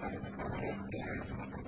よし